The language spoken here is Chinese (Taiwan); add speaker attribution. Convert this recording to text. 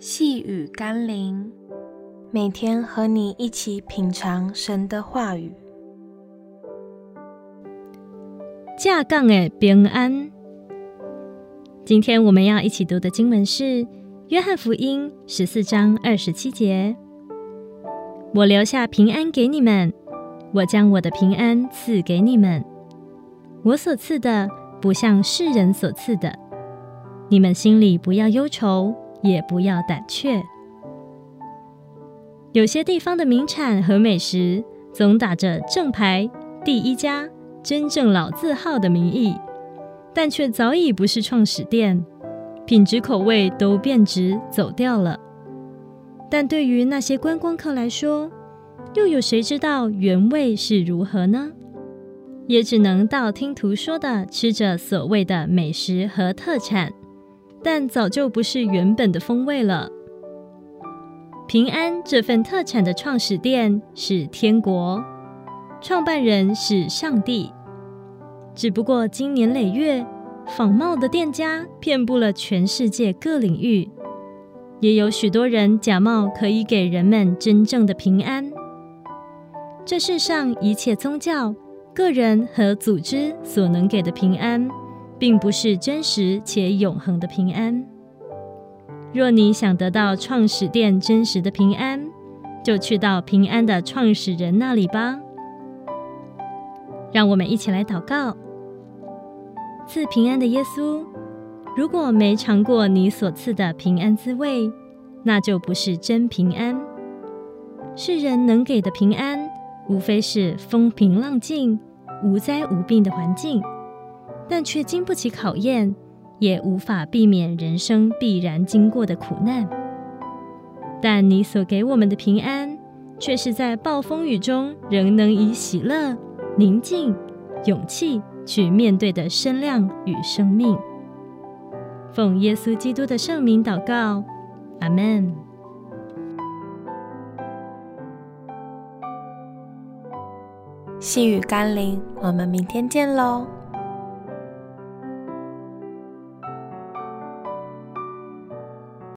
Speaker 1: 細語甘霖，每天和你一起品嚐神的話語。正港 ㄟ 平安。今天我們要一起讀的經文是《約翰福音》十四章二十七節：“我留下平安給你們，我將我的平安賜給你們，我所賜的不像世人所賜的，你們心裡不要憂愁。”也不要膽怯。有些地方的名產和美食，總打着“正牌”“第一家”“真正老字號”的名義，但卻早已不是創始店，品質口味都變質走調了。但對於那些觀光客來說，又有誰知道原味是如何呢？也只能道聽途說的吃着所謂的美食和特產。但早就不是原本的風味了。平安這份特產的創始店是天國，創辦人是上帝。只不過經年累月，仿冒的店家遍佈了全世界各領域，也有許多人假冒可以給人們真正的平安。這世上一切宗教、個人和組織所能給的平安。並不是真實且永恆的平安。若你想得到創始店真實的平安，就去到平安的創始人那裡吧。讓我們一起來禱告。賜平安的耶穌，如果沒嘗過你所賜的平安滋味，那就不是真平安。世人能給的平安，無非是風平浪靜、無災無病的環境。但卻經不起考驗，也無法避免人生必然經過的苦難。但你所給我們的平安，卻是在暴風雨中仍能以喜樂、寧靜、勇氣去面對的身量與生命。奉耶穌基督的聖名禱告，阿門。細語甘霖，我們明天見嘍。